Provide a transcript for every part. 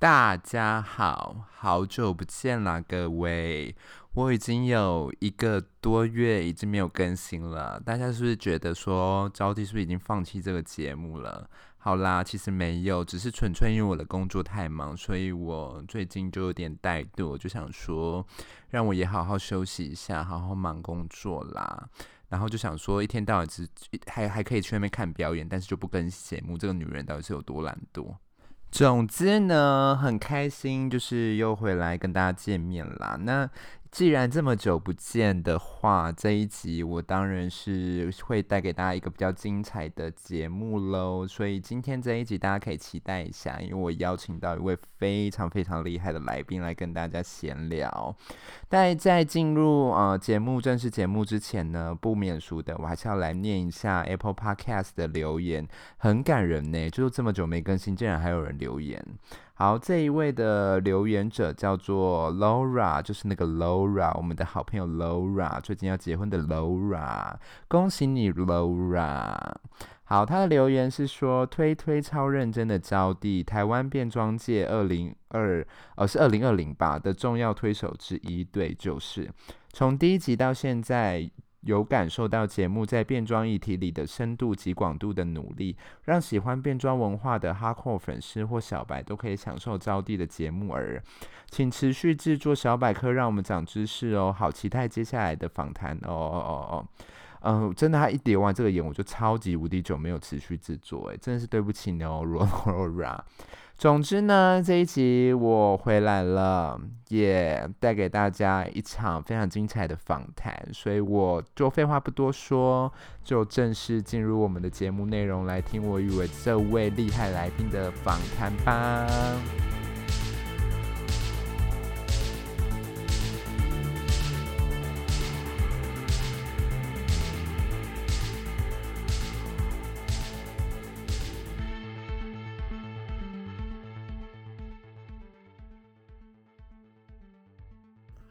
大家好，好久不見啦。各位，我已經有一個多月已經沒有更新了。大家是不是覺得說，招弟是不是已經放棄這個節目了？好啦，其實沒有，只是純粹因為我的工作太忙，所以我最近就有點怠惰，我就想說讓我也好好休息一下，好好忙工作啦。然後就想說，一天到晚只還還可以去那邊看表演，但是就不更新節目。這個女人到底是有多懶惰？總之呢，很開心，就是又回來跟大家見面啦。那。既然這麼久不見的話，這一集我當然是會帶給大家一個比較精彩的節目嘍。所以今天這一集大家可以期待一下，因為我邀請到一位非常非常厲害的來賓來跟大家閒聊。但在，在進入呃節目正式節目之前呢，不免俗的，我還是要來念一下 Apple Podcast 的留言，很感人呢、欸。就是這麼久沒更新，竟然還有人留言。好，這一位的留言者叫做 Laura，就是那個 Laura，我們的好朋友 Laura，最近要結婚的 Laura，恭喜你 Laura。好，他的留言是說，推推超認真的招弟，台灣變裝界二零二，呃，是二零二零吧，的重要推手之一，對，就是從第一集到現在。有感受到節目在變裝議題裡的深度及廣度的努力，讓喜歡變裝文化的 Hardcore 粉絲或小白都可以享受招弟的節目，而請持續制作小百科，讓我們長知識哦，好期待接下來的訪談哦哦哦哦，嗯、oh, oh, oh, oh 呃，真的他一疊完這個演，我就超級無敵久沒有持續制作、欸，哎，真的是對不起你哦，Rora。總之呢，這一集我回來了，也、yeah, 帶給大家一場非常精彩的訪談，所以我就廢話不多說，就正式進入我們的節目內容，來聽我與這位厲害來賓的訪談吧。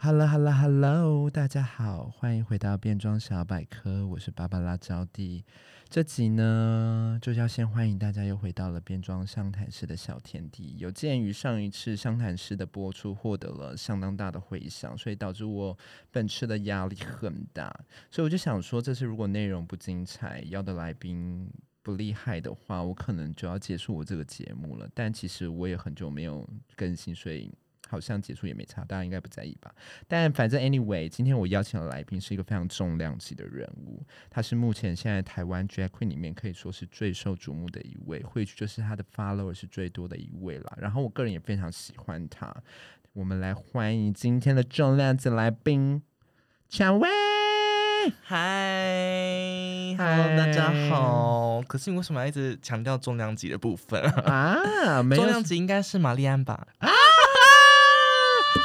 Hello，Hello，Hello，hello, hello, 大家好，歡迎回到變裝小百科，我是芭芭拉招弟。這集呢，就要先歡迎大家又回到了變裝相談室的小天地。有鑒於上一次相談室的播出獲得了相當大的回響，所以導致我本次的壓力很大。所以我就想說，這次如果內容不精彩，邀的來賓不厲害的話，我可能就要結束我這個節目了。但其實我也很久沒有更新，所以。好像結束也沒差，大家應該不在意吧？但反正 anyway，今天我邀請的來賓是一個非常重量級的人物，他是目前現在台灣 drag queen 裡面可以說是最受矚目的一位，或許就是他的 follower 是最多的一位了。然後我個人也非常喜歡他，我們來歡迎今天的重量級來賓薔薇。嗨 Hi, Hi，Hello 大家好。可是你為什麼要一直強調重量級的部分啊？沒， 重量級應該是瑪麗安吧？啊？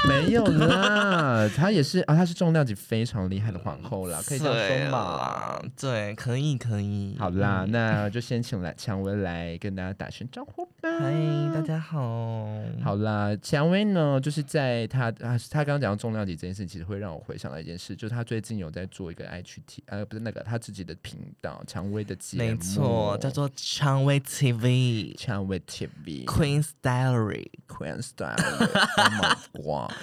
沒有啦。 啊，她也是啊，她是重量級非常厲害的皇後啦，嗯、可以這樣說嘛？對，可以可以。好啦，嗯、那就先請來薔薇來跟大家打聲招呼吧。嗨，大家好。好啦，薔薇呢，就是在她啊，她剛剛講到重量級這件事，其實會讓我回想到一件事，就是她最近有在做一個 HT，呃、啊，不是那個她自己的頻道，薔薇的節目，沒錯，叫做薔薇 TV, 薔薇 TV。薔薇 TV。Queen's Diary，Queen's Diary。哈，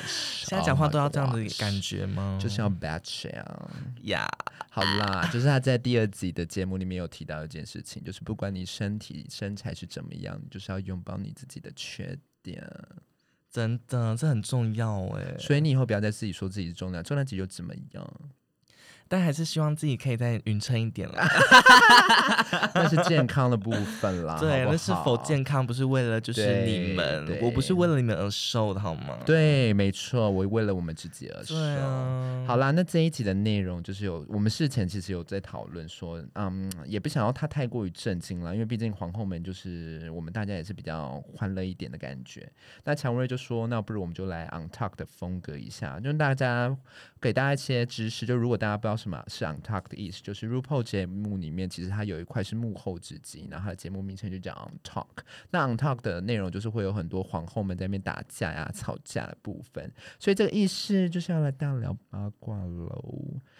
現在講話都。要這樣子的感覺嗎？就是要 bad shape，yeah。好啦，就是他在第二集的節目裡面有提到一件事情， 就是不管你身體身材是怎麼樣，你就是要擁抱你自己的缺點。真的，這很重要欸。所以你以後不要再自己說自己是重量，重量級又怎麼樣？但還是希望自己可以再勻稱一點啦，那是健康的部分啦。 對，好好，那是否健康不是為了就是你們？我不是為了你們而瘦的，好嗎？對，沒錯，我為了我們自己而瘦。對啊，好啦，那這一集的內容就是有我們事前其實有在討論說，嗯，也不想要他太過於震驚了，因為畢竟皇後們就是我們大家也是比較歡樂一點的感覺。那薔薇就說，那不如我們就來 Untucked 的風格一下，就是大家給大家一些知識，就如果大家不要。什麼是 Untucked 的意思？就是 RuPaul 節目裡面其實它有一塊是幕後之境，然後它的節目名稱就叫 Untucked。那 Untucked 的內容就是會有很多皇後們在那邊打架呀、啊、吵架的部分。所以這個意思就是要來大聊八卦嘍。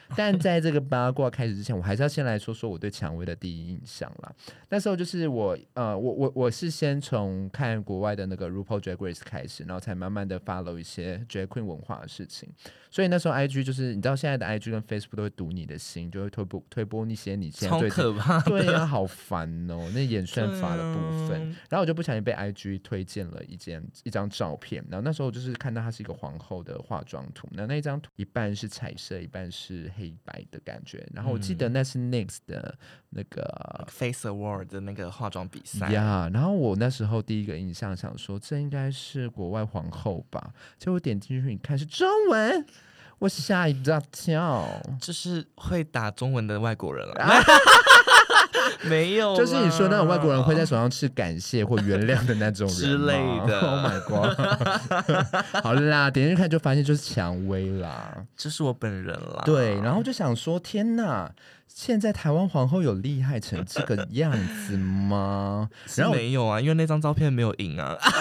但在這個八卦開始之前，我還是要先來說說我對薔薇的第一印象啦。那時候就是我呃，我我我是先從看國外的那個 RuPaul Drag Race 開始，然後才慢慢的 follow 一些 Drag Queen 文化的事情。所以那時候 IG 就是你知道現在的 IG 跟 Facebook 都會。讀你的心，就會推，推播推播那些，你現在超可怕對、啊，對，好煩哦。那演算法的部分，啊、然後我就不小心被 I G 推薦了一件一張照片，然後那時候我就是看到它是一個皇後的化妝圖，那那一張圖一半是彩色，一半是黑白的感覺。然後我記得那是 NYX 的那個、嗯 like、Face Award 的那個化妝比賽，yeah, 然後我那時候第一個印象想說，這應該是國外皇后吧，結果點進去你看是中文。我嚇一大跳，這是會打中文的外國人了、啊，啊、 沒有啦，就是你說那種外國人會在手上吃感謝或原諒的那種人之類的。Oh my god！ 好啦，點進去看就發現就是薔薇啦，這是我本人啦。對，然後就想說，天哪，現在台灣皇後有厲害成這個樣子嗎？ 然後沒有啊，因為那張照片沒有影啊。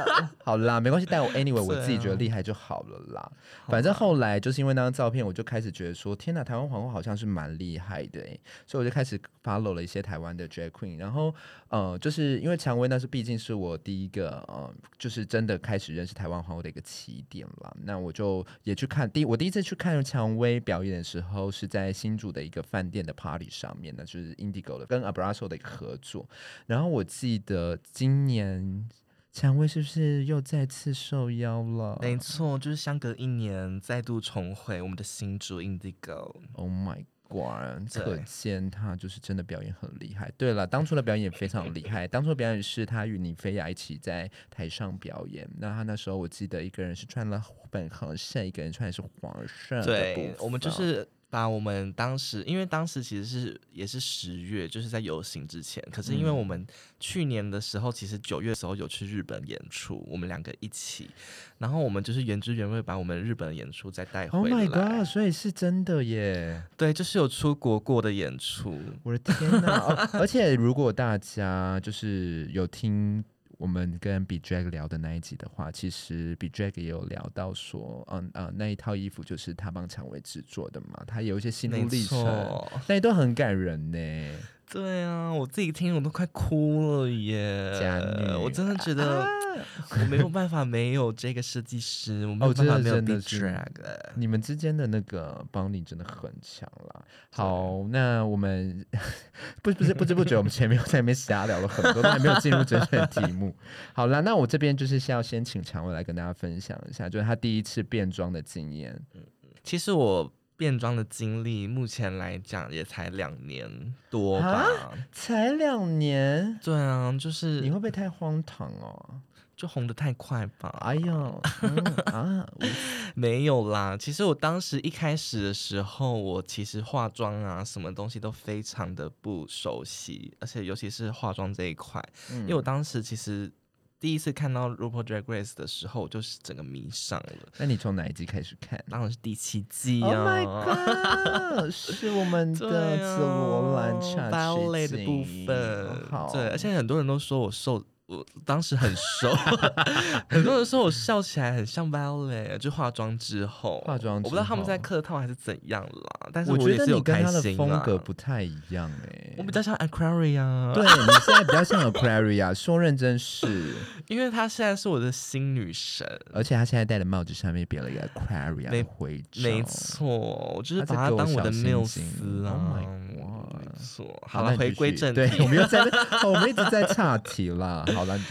好啦，沒關係，但我 anyway 我自己覺得厲害就好了啦。啊、反正後來就是因為那張照片，我就開始覺得說，天哪，台灣皇后好像是蠻厲害的、欸，所以我就開始 follow 了一些台灣的 drag queen。然後，呃，就是因為《薔薇》，那是畢竟是我第一個，呃，就是真的開始認識台灣皇後的一個起點了。那我就也去看，第我第一次去看《薔薇》表演的時候，是在新竹的一個飯店的 party 上面，那就是 Indigo 的跟 Abrazo 的一個合作。然後我記得今年，薔薇是不是又再次受邀了？沒錯，就是相隔一年再度重回我們的新竹 Indigo。Ind Oh my God！可見對他就是真的表演很厲害。對了，當初的表演也非常厲害。 當初的表演是他與妮妃雅一起在台上表演。那他那時候我記得一個人是穿了粉紅色，一個人穿的是黃色。對，我們就是。把我們當時，因為當時其實是也是十月，就是在遊行之前。可是因為我們去年的時候，嗯、其實九月的時候有去日本演出，我們兩個一起，然後我們就是原汁原味把我們日本的演出再帶回來。o、Oh、my God！所以是真的耶。對，就是有出國過的演出。我的天哪、啊 哦！而且如果大家就是有聽。我們跟 B.Jack 聊的那一集的話，其實 B.Jack 也有聊到說，嗯、啊啊、那一套衣服就是他幫薔薇製作的嘛，他有一些心路歷程，沒錯。那都很感人呢。對啊，我自己聽我都快哭了耶，女我真的覺得。啊我沒有辦法，沒有這個設計師，我沒有辦法沒有被 drag。你們之間的那個 bonding 真的很強了。好，那我們不不是不知不覺， 我們前面在那邊瞎聊了很多，還沒有進入真正的題目。 好啦，那我這邊就是要先請薔薇來跟大家分享一下，就是他第一次變裝的經驗。嗯，其實我變裝的經歷，目前來講也才兩年多吧，啊、才兩年。對啊，就是你會不會太荒唐哦？就紅得太快吧！哎呦啊，沒有啦。其實我當時一開始的時候，我其實化妝啊，什麼東西都非常的不熟悉，而且尤其是化妝這一塊，嗯、因為我當時其實第一次看到 RuPaul Drag Race 的時候，我就是整個迷上了。那你從哪一季開始看？當然是第七季啊 Oh my God，是我們的紫羅蘭查奇。Violet 的部分。Oh，好，對，而且很多人都說我瘦。我當時很瘦，很多人說我笑起來很像 Valley，就化妝之後。化妝之後，我不知道他們在客套還是怎樣啦。但是我覺得你跟他的風格不太一樣哎。我比較像 Aquaria。對你現在比較像 Aquaria。說認真是，因為她現在是我的新女神，而且她現在戴的帽子上面別了一個 Aquaria 徽章，沒錯，我就是把它當我的繆斯啊。沒錯，好了，回歸正題，我們又在，我們一直在岔題啦。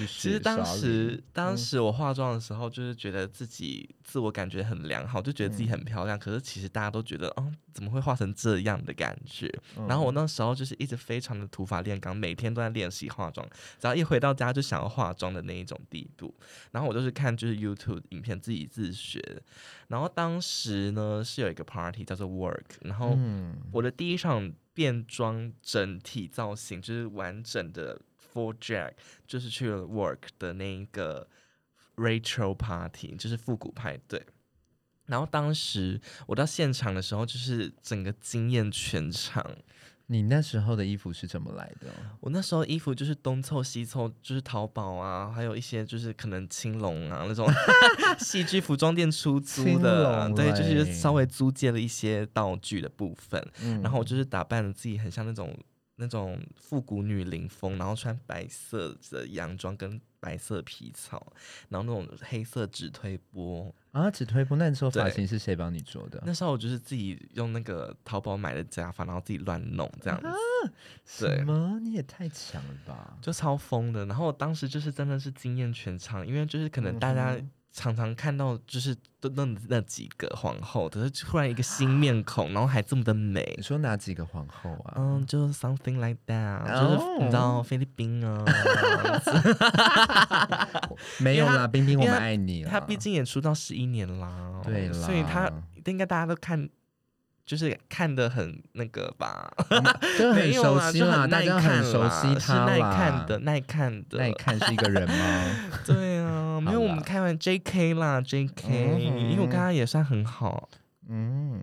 其實當時，人當時我化妝的時候，就是覺得自己自我感覺很良好，嗯、就覺得自己很漂亮。可是其實大家都覺得，嗯、哦，怎麼會化成這樣的感覺？嗯、然後我那時候就是一直非常的土法煉鋼，每天都在練習化妝。只要一回到家就想要化妝的那一種地步。然後我就是看就是 YouTube 影片自己自學。然後當時呢是有一個 Party 叫做 Work，然後我的第一場變裝整體造型就是完整的。For Jack，就是去 work 的那一個 retro party，就是復古派對。然後當時我到現場的時候，就是整個驚艷全場。你那時候的衣服是怎麼來的、哦？我那時候衣服就是東湊西湊，就是淘寶啊，還有一些就是可能青龍啊那種戲劇 服裝店出租的、啊，對，就是就稍微租借了一些道具的部分。嗯、然後我就是打扮了自己，很像那種。那種復古女領風，然後穿白色的洋裝跟白色皮草，然後那種黑色指推波，啊，指推波！那時候髮型是誰幫你做的？那時候我就是自己用那個淘寶買的假髮，然後自己亂弄這樣子。啊、對，什麼？你也太強了吧！就超瘋的。然後我當時就是真的是驚艷全場，因為就是可能大家、嗯。常常看到就是都那那幾個皇後，可是突然一個新面孔，然後還這麼的美。你說哪幾個皇後啊？嗯，就是 something like that，就是你知道菲律賓啊。沒有啦，冰冰我們愛你。他畢竟也出道十一年啦，對，所以他應該大家都看，就是看得很那個吧，就很熟悉啦，大家都很熟悉他是耐看的，耐看的，耐看是一個人嗎？對。我們開完 JK 啦 JK，嗯嗯、因為我剛剛也算很好，嗯，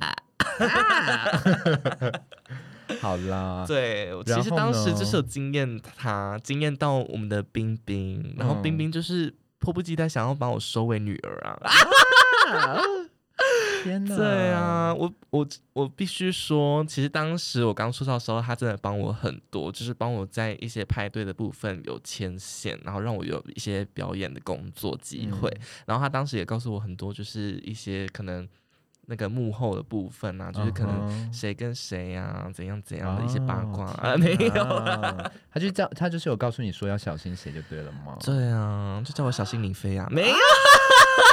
好啦，對，其實當時就是有驚豔他，驚豔到我們的冰冰，然後冰冰就是迫不及待想要把我收為女兒啊。 天哪，對啊，我我我必須說，其實當時我剛出道的時候，他真的幫我很多，就是幫我在一些派對的部分有牽線，然後讓我有一些表演的工作機會。嗯、然後他當時也告訴我很多，就是一些可能那個幕後的部分啊，就是可能誰跟誰呀、啊，uh huh、怎樣怎樣的一些八卦啊，沒有、oh,。 他就叫他就是有告訴你說要小心誰就對了嗎？對啊，就叫我小心林飛啊,啊，沒有。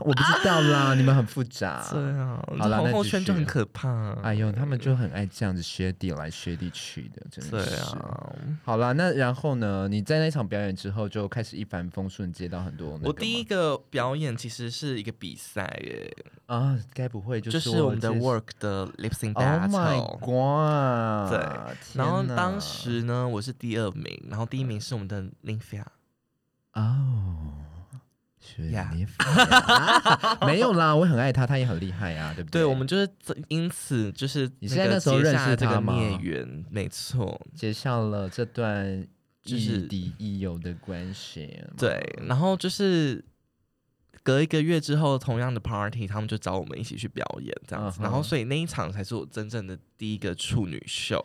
我不知道啦，你們很複雜。對啊，好了，網紅圈就很可怕。哎呦，他們就很愛這樣子，學弟來學弟去的，真的是。對啊，好了，那然後呢？你在那場表演之後就開始一帆風順，接到很多。我第一個表演其實是一個比賽耶。啊，該不會就是我們的 Work 的 Lip Sync Battle？Oh my God！對，然後當時呢，我是第二名，然後第一名是我們的 Linfia。哦。沒有啦，我很愛他，他也很厲害呀，啊，對不對？對，我們就是因此就是接下，你現在那時候認識這個孽緣。沒錯，結下了這段亦敵亦友的關係，就是。對，然後就是隔一個月之後，同樣的 party，他們就找我們一起去表演，這樣子。Uh huh. 然後，所以那一場才是我真正的第一個處女秀。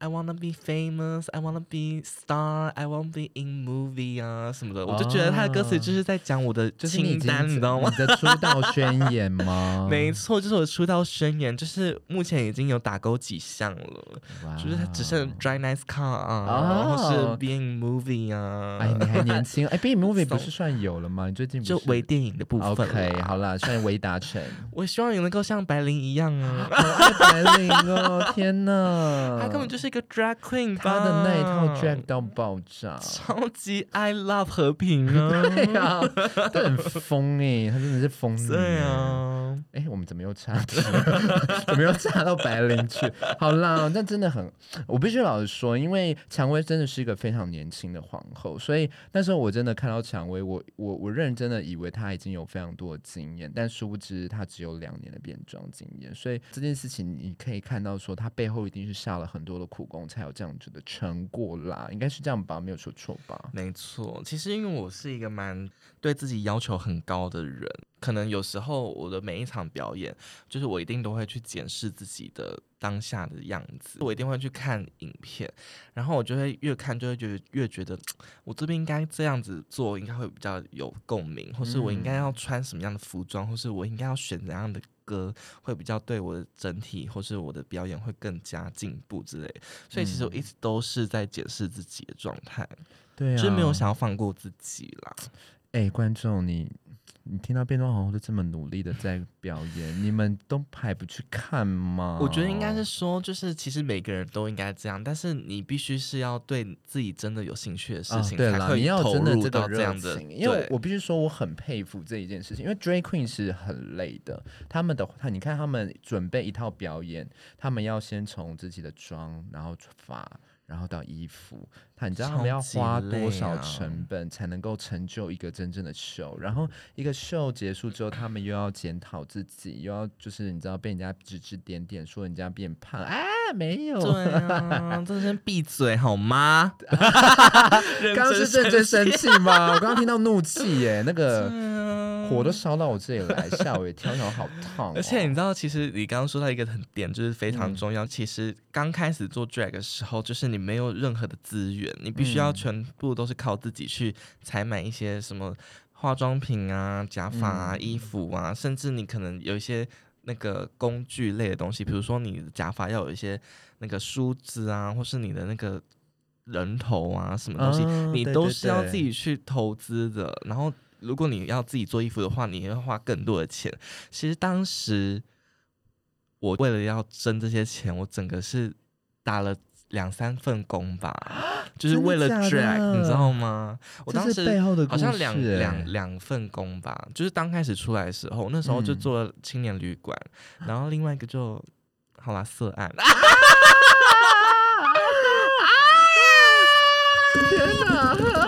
I wanna be famous, I wanna be star, I wanna be in movie 啊什麼的，我就覺得他的歌詞就是在講我的就是清單，你知道嗎？你的出道宣言嗎？沒錯，就是我的出道宣言，就是目前已經有打勾幾項了，就是他只剩 Dry Nice Car 啊，然後是 Being Movie 啊。哎，你還年輕，哎，Being Movie 不是算有了嗎？你最近就為電影的部分。OK，好了，算為達成，我希望你能夠像白靈一樣啊，好愛白靈哦！天吶，他根本就是。一個 drag queen 吧，他的那一套 drag 到爆炸，超級 I love 和平啊， 對呀、啊，他很瘋哎、欸，他真的是瘋、啊， 對啊，哎、欸，我們怎麼又岔，怎 麼又岔到白領去？好啦，但真的很，我必須老實說，因為薔薇真的是一個非常年輕的皇後，所以那時候我真的看到薔薇，我我我認真的以為她已經有非常多的經驗，但殊不知她只有兩年的變裝經驗，所以這件事情你可以看到說，她背後一定是下了很多的。苦功才有這樣子的成果啦，應該是這樣吧？沒有說錯吧？沒錯，其實因為我是一個蠻對自己要求很高的人，可能有時候我的每一場表演，就是我一定都會去檢視自己的當下的樣子，我一定會去看影片，然後我就會越看就會覺得越覺得我這邊應該這樣子做，應該會比較有共鳴，或是我應該要穿什麼樣的服裝，嗯、或是我應該要選怎樣的。歌會比較對我的整體，或是我的表演會更加進步之類，所以其實我一直都是在檢視自己的狀態，嗯對啊、就是沒有想要放過自己啦。哎、欸，觀眾你。你聽到變裝皇後都這麼努力的在表演，你們都還不去看嗎？我覺得應該是說，就是其實每個人都應該這樣，但是你必須是要對自己真的有興趣的事情，啊，對啦，才可以你要真的投入到這樣的。因為我必須說，我很佩服這一件事情，對因為 Drag Queen 是很累的，他們的話你看他們準備一套表演，他們要先從自己的妝，然後出發。然後到衣服，他你知道他們要花多少成本才能夠成就一個真正的秀，啊？然後一個秀結束之後，他們又要檢討自己， 又要就是你知道被人家指指點點說人家變胖哎、啊、沒有，對認、啊、真 閉嘴好嗎？剛、啊、 剛是認真生氣嗎？我剛剛聽到怒氣耶，欸， 那個火都燒到我這裡來， 嚇我一跳，好燙、啊。而且你知道，其實你剛剛說到一個點，就是非常重要。嗯、其實剛開始做 drag 的時候，就是你。沒有任何的資源，你必須要全部都是靠自己去採買一些什麼化妝品啊、假髮啊、衣服啊，甚至你可能有一些那個工具類的東西，比如說你的假髮要有一些那個梳子啊，或是你的那個人頭啊什麼東西，哦、對對對，你都是要自己去投資的。然後，如果你要自己做衣服的話，你要花更多的錢。其實當時我為了要掙這些錢，我整個是打了。兩三份工吧，啊、就是為了 drag 你知道嗎？我當時好像兩兩兩份工吧，就是剛開始出來的時候，那時候就做了青年旅館，嗯、然後另外一個就好啦色暗，天哪！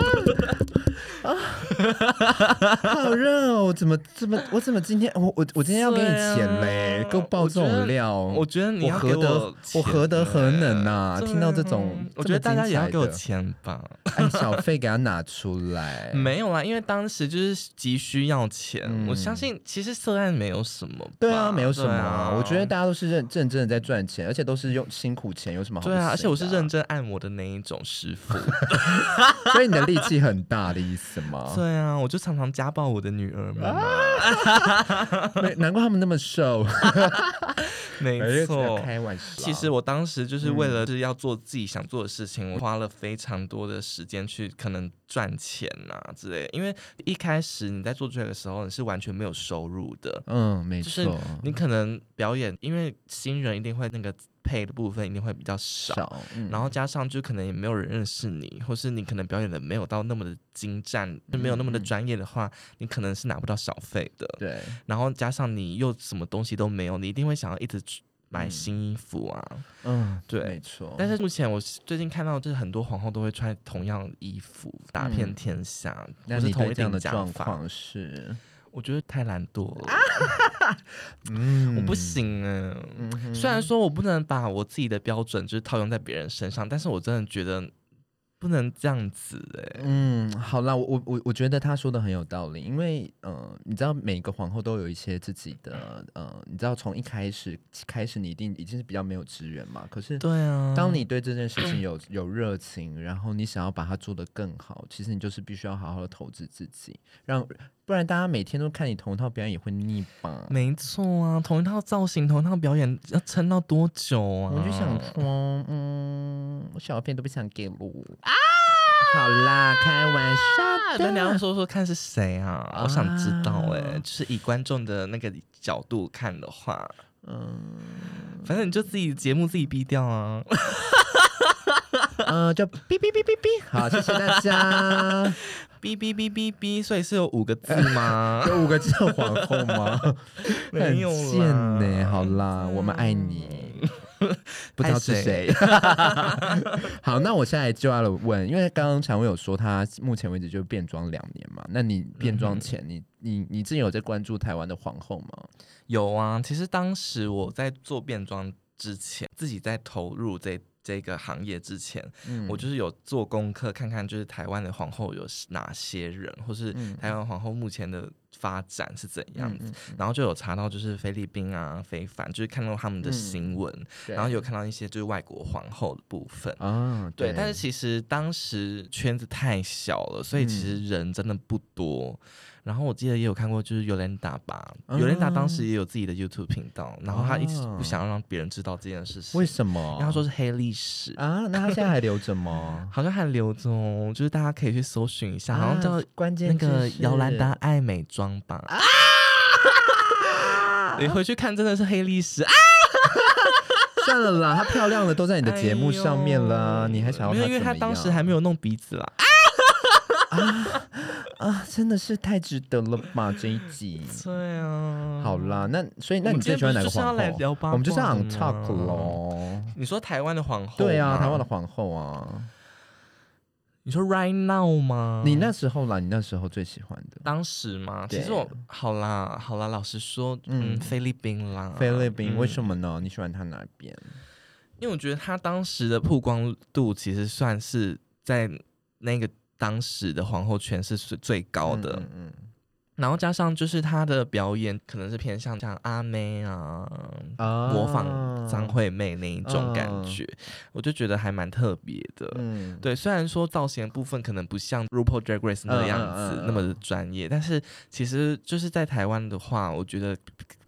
好熱哦！我怎麼這麼……我怎麼今天我我我今天要給你錢嘞？夠爆這種料！我覺得你何德我何德何能吶？聽到這種，我覺得大家也要給我錢吧？哎，小費給他拿出來。沒有啊，因為當時就是急需要錢。我相信其實涉案沒有什麼。對啊，沒有什麼。我覺得大家都是認認真的在賺錢，而且都是用辛苦錢。有什麼好？對啊，而且我是認真按摩的那一種師傅，所以你的力氣很大的意思嗎？對。對啊，我就常常家暴我的女兒們，難 難怪他們那麼瘦。 沒錯，開玩笑。其實我當時就是為了是要做自己想做的事情，嗯、我花了非常多的時間去可能賺錢吶、啊、之類的。因為一開始你在做出來的時候，你是完全沒有收入的。嗯，沒錯。就是你可能表演，因為新人一定會那個。配的部分一定會比較少，少嗯、然後加上就可能也沒有人認識你，或是你可能表演的沒有到那麽的精湛，嗯、就沒有那麽的專業的話，嗯、你可能是拿不到小費的。對，然後加上你又什麽東西都沒有，你一定會想要一直買新衣服啊。嗯，嗯對，沒錯。但是目前我最近看到就是很多皇後都會穿同樣的衣服，打遍天下，但、嗯、是同一法對樣的妝髮是我覺得太懶惰了。啊 嗯， 我不行哎、欸。雖然說我不能把我自己的標準就是套用在別人身上，但是我真的覺得不能這樣子哎、欸。嗯，好啦，我我我我覺得他說的很有道理，因為呃，你知道每個皇後都有一些自己的呃，你知道從一開始開始你一定已經是比較沒有資源嘛。可是，對啊，當你對這件事情有有熱情，然後你想要把它做得更好，其實你就是必須要好好的投資自己，讓。不然大家每天都看你同一套表演也會膩吧？沒錯啊，同一套造型，同一套表演，要撐到多久啊？我就想說，嗯，我小片都不想給錄啊。好啦，開玩笑的，那你要說說看是誰啊？啊我想知道哎、欸，就是以觀眾的那個角度看的話，嗯，反正你就自己節目自己逼掉啊。 呃，就嗶嗶嗶嗶嗶，好，謝謝大家，嗶嗶嗶嗶嗶，所以是有五個字嗎？呃、有五個字的皇後嗎？ 沒啦很賤呢，欸，好啦，我們愛你，嗯、不知道是誰。太水 好，那我現在就要來問，因為剛剛薔薇有說他目前為止就變裝兩年嘛，那你變裝前，嗯嗯你你你自己有在關注台灣的皇後嗎？有啊，其實當時我在做變裝之前，自己在投入這段。這個行業之前，嗯、我就是有做功課，看看就是台灣的皇後有哪些人，或是台灣皇后目前的。發展是怎樣子？然後就有查到，就是菲律賓啊，非凡就是看到他們的新聞，然後有看到一些就是外國皇後的部分啊，對。但是其實當時圈子太小了，所以其實人真的不多。然後我記得也有看過，就是尤蓮達吧，尤蓮達當時也有自己的 YouTube 頻道，然後他一直不想要讓別人知道這件事情，為什麼？他說是黑歷史啊，那他現在還留着嗎？好像還留着，哦，就是大家可以去搜尋一下，好像叫關鍵那個姚蓮達愛美妝裝、啊、 你回去看真的是黑歷史啊！ 算了啦，她漂亮的都在你的節目上面啦，哎、呦你還想要他？沒有，因為她當時還沒有弄鼻子啦。啊, 啊，啊真的是太值得了吧這一集？對啊，好啦，那所以那你最喜歡哪個皇后？就是要來聊八卦，我們就是 on talk 嘍。你說台灣的皇后？對啊，台灣的皇後啊。你說 right now 嗎？你那時候啦，你那時候最喜歡的？當時嗎？其實我對好啦，好啦，老實說，嗯，嗯菲律賓啦，菲律賓為什麼呢？嗯、你喜歡他哪邊？因為我覺得他當時的曝光度其實算是在那個當時的皇后圈是是最高的。嗯。嗯然後加上就是她的表演可能是偏向像，像阿妹啊，啊模仿張惠妹那一種感覺，啊、我就覺得還蠻特別的。嗯，對，雖然說造型的部分可能不像 Rupaul Drag Race 那樣子那麼的專業，啊啊啊啊、但是其實就是在台灣的話，我覺得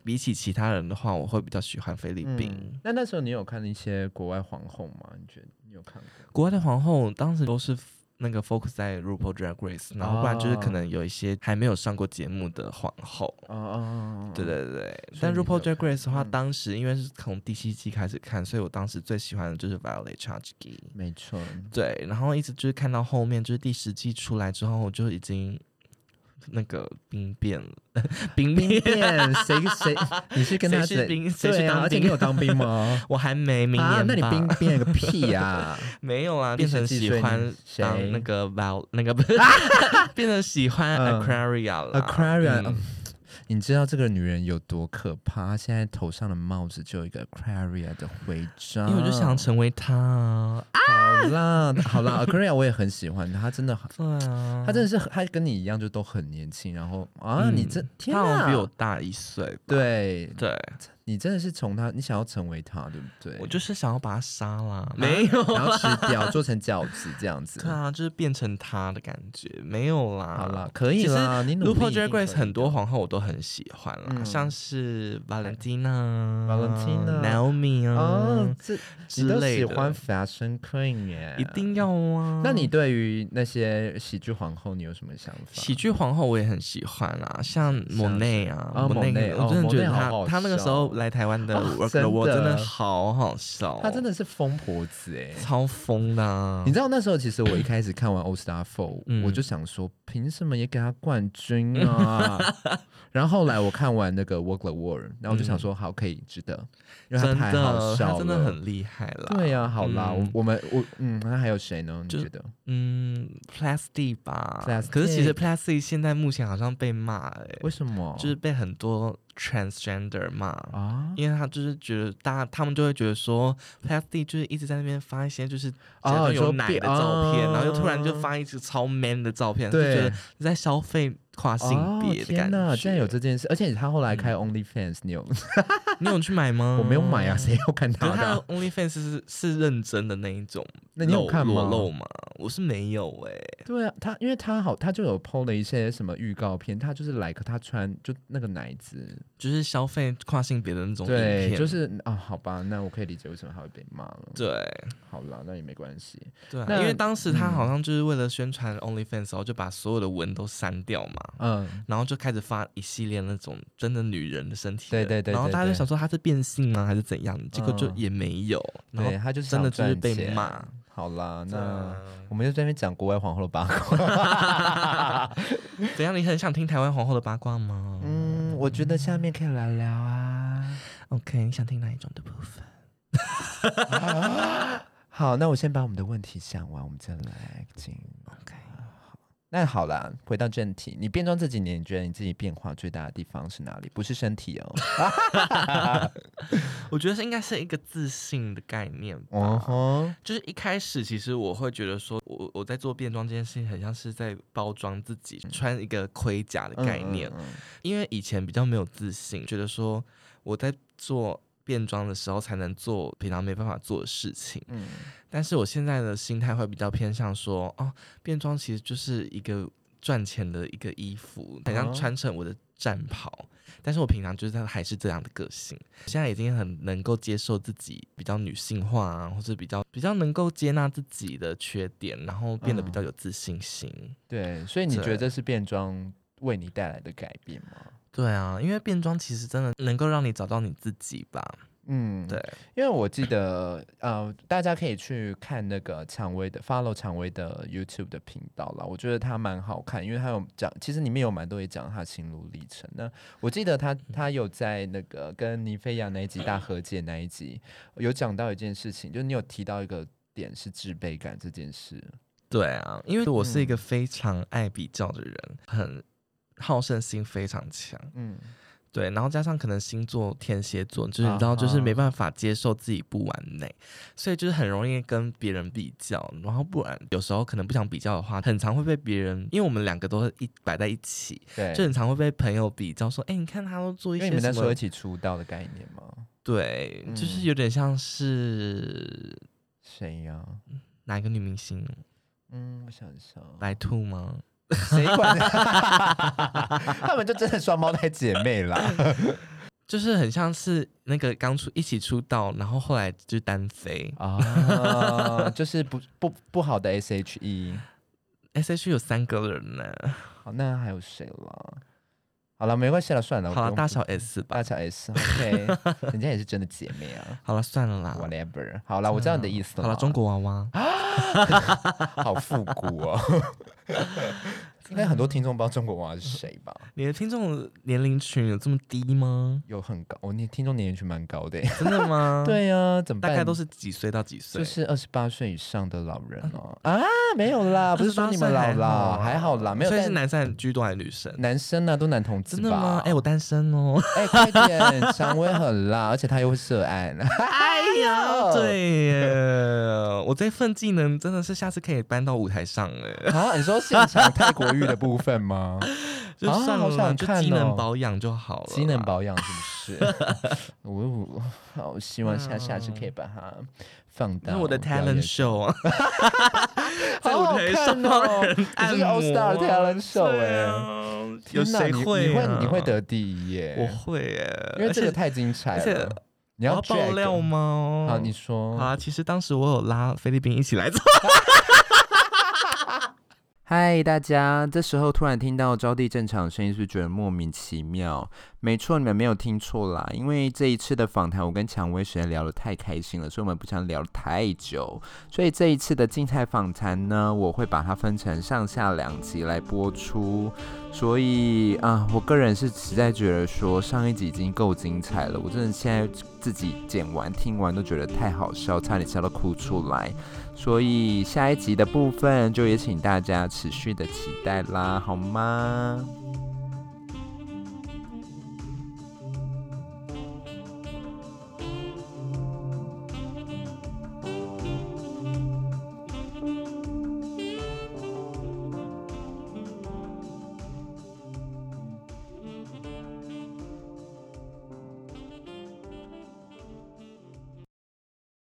比起其他人的話，我會比較喜歡菲律賓、嗯。那那時候你有看一些國外皇後嗎？你覺得你有看過國外的皇后？當時都是。那個 Focus 在 RuPaul Drag Race，然後不然就是可能有一些還沒有上過節目的皇後。啊、哦、對對對，但 RuPaul Drag Race 的話，嗯、當時因為是從第七季開始看，所以我當時最喜歡的就是 Violet Chachki。沒錯。對，然後一直就是看到後面，就是第十季出來之後，就已經。那個兵變，兵變，兵便 誰跟誰？你是跟他是兵，誰是而你有當兵嗎？ 我還沒明年、啊，那你兵變個屁呀、啊！ 沒有啊，變成喜歡當、啊、那個 val，那個 變成喜歡 aquaria 了 aquaria 你知道這個女人有多可怕？她現在頭上的帽子就有一個 Aquaria 的徽章，因為我就想成為她、啊。好啦，好啦，Aquaria 我也很喜歡，她真的很、啊、她真的是她跟你一樣就都很年輕。然後啊，嗯、你這她好像比我大一歲。對對。對你真的是從他，你想要成為他，對不對？我就是想要把他殺了，沒有，然後吃掉，做成餃子這樣子。對啊，就是變成他的感覺，沒有啦，好啦，可以啦。其實《RuPaul's Drag Race》很多皇后我都很喜歡啦，像是 Valentina、Naomi 啊，這你都喜歡 Fashion Queen 耶？一定要啊。那你對於那些喜劇皇后你有什麼想法？喜劇皇后我也很喜歡啦，像 Monet 啊，Monet，我真的覺得他，他那個時候。來台灣的 Work the World，真的好好笑，他真的是瘋婆子誒，超瘋的。你知道那時候其實我一開始看完《All Star 4》，我就想說，憑什麼也給他冠軍啊？然後後來我看完那個《Work the World》，然後我就想說，好，可以值得，真的，笑，他真的很厲害了。對呀，好啦，我們我嗯，那還有誰呢？你覺得？嗯，Plastic 吧。可是其實 Plastic 現在目前好像被罵誒，為什麼？就是被很多。Transgender 嘛，啊、因為他就是覺得大家，他們就會覺得說，Plastic、啊、就是一直在那邊發一些就是啊有奶的照片，啊、然後又突然就發一些超 man 的照片，對就覺得你在消費。跨性別的感覺，天哪，竟然有這件事，而且他後來開 OnlyFans，你有你有去買嗎？我沒有買啊，誰要看他的？OnlyFans 是是認真的那一種，那你有看嗎？裸露嗎？我是沒有哎。對啊，他因為他好，他就有 PO 了一些什麼預告片，他就是 like 他穿就那個奶子，就是消費跨性別的那種影片。對，就是啊，好吧，那我可以理解為什麼他會被罵了。對，好啦，那也沒關係。對啊，因為當時他好像就是為了宣傳 OnlyFans，然後就把所有的文都刪掉嘛。嗯，然後就開始發一系列那種真的女人的身體的，對對對，對對對，然後大家就想說，她是變性嗎，還是怎樣？嗯、結果就也沒有，對，她就真的只是被罵。好啦，那對我們就在那邊講國外皇後的八卦。怎樣？ 你很想聽台灣皇後的八卦嗎？嗯，我覺得下面可以來聊啊。OK，你想聽哪一種的部分、 啊？好，那我先把我們的問題講完，我們再來進、okay. 那好啦，回到正題，你變裝這幾年，你覺得你自己變化最大的地方是哪裡？不是身體哦。 我覺得是應該是一個自信的概念吧。嗯哼。就是一開始，其實我會覺得說我，我我在做變裝這件事情，很像是在包裝自己，穿一個盔甲的概念。嗯嗯嗯。因為以前比較沒有自信，覺得說我在做。變裝的時候才能做平常沒辦法做的事情，嗯、但是我現在的心態會比較偏向說，哦，變裝其實就是一個賺錢的一個衣服，很像穿成我的戰袍，嗯哦、但是我平常就是還是這樣的個性，現在已經很能夠接受自己比較女性化、啊，或者比較比較能夠接納自己的缺點，然後變得比較有自信心。嗯、對，所以你覺得這是變裝？為你帶來的改變嗎？對啊，因為變裝其實真的能夠讓你找到你自己吧。嗯，對，因為我記得，呃，大家可以去看那個薔薇的 ，follow 薔薇的 YouTube 的頻道啦，我覺得他蠻好看，因為他有講，其實裡面有蠻多也講他心路歷程。那我記得他他有在那個跟尼菲亞那一集大和解那一集，有講到一件事情，就是你有提到一個點是自卑感這件事。對啊，因為、嗯、我是一個非常愛比較的人，很。好勝心非常強，嗯，對，然後加上可能星座天蠍座，就是你知道，啊、就是沒辦法接受自己不完美、欸，啊、所以就是很容易跟別人比較，然後不然有時候可能不想比較的話，很常會被別人，因為我們兩個都一擺在一起，對，就很常會被朋友比較說，哎、欸，你看他都做一些什麼，你們在說一起出道的概念嗎？對，嗯、就是有點像是誰呀？啊、哪一個女明星？嗯，我想一想，白兔嗎？誰管？他們就真的雙胞胎姐妹啦，就是很像是那個剛出一起出道，然後後來就單飛啊，就是不不不好的 S H E，S H E 有三個人呢。好，那還有誰了？好了，沒關係了，算了，好了，大小 S 吧，大小 S，OK，人家也是真的姐妹啊。好了，算了啦，Whatever，好了，我知道你的意思了。好了，中國娃娃，好復古哦。應該很多聽眾不知道中國娃娃是誰吧？你的聽眾年齡群有這麼低嗎？有很高，我那聽眾年齡群蠻高的，真的嗎？對呀，怎麼？大概都是幾歲到幾歲？就是二十八歲以上的老人哦。啊，沒有啦，不是說你們老啦，還好啦，沒有。所以是男生居多還是女生？男生呢，都男同志，真的嗎？哎，我單身哦。哎，快點，薔薇很辣，而且他又會涉案。哎呦，對呀，我這份技能真的是下次可以搬到舞台上了。啊，你說現場泰國。育 的部分嗎？就算了，啊像看哦、就機能保養就好了。機能保養是不是？ 嗯、好，我好希望下那下次可以把它放到我的 Talent Show，在我的上刀人按摩 Talent Show 哎， 哪有誰會、啊、會？你會得？得第一？我會耶！因為這個太精彩了。你要，我要爆料嗎？好、啊，你說好啊。其實當時我有拉菲律賓一起來做。 嗨，Hi, 大家！這時候突然聽到招弟正常聲音，是不是覺得莫名其妙？沒錯，你們沒有聽錯啦。因為這一次的訪談，我跟薔薇實在聊得太開心了，所以我們不想聊太久。所以這一次的精彩訪談呢，我會把它分成上下兩集來播出。所以啊，我個人是實在覺得說，上一集已經夠精彩了。我真的現在自己剪完聽完都覺得太好笑，差點笑到哭出來。所以下一集的部分，就也請大家持續的期待啦，好嗎？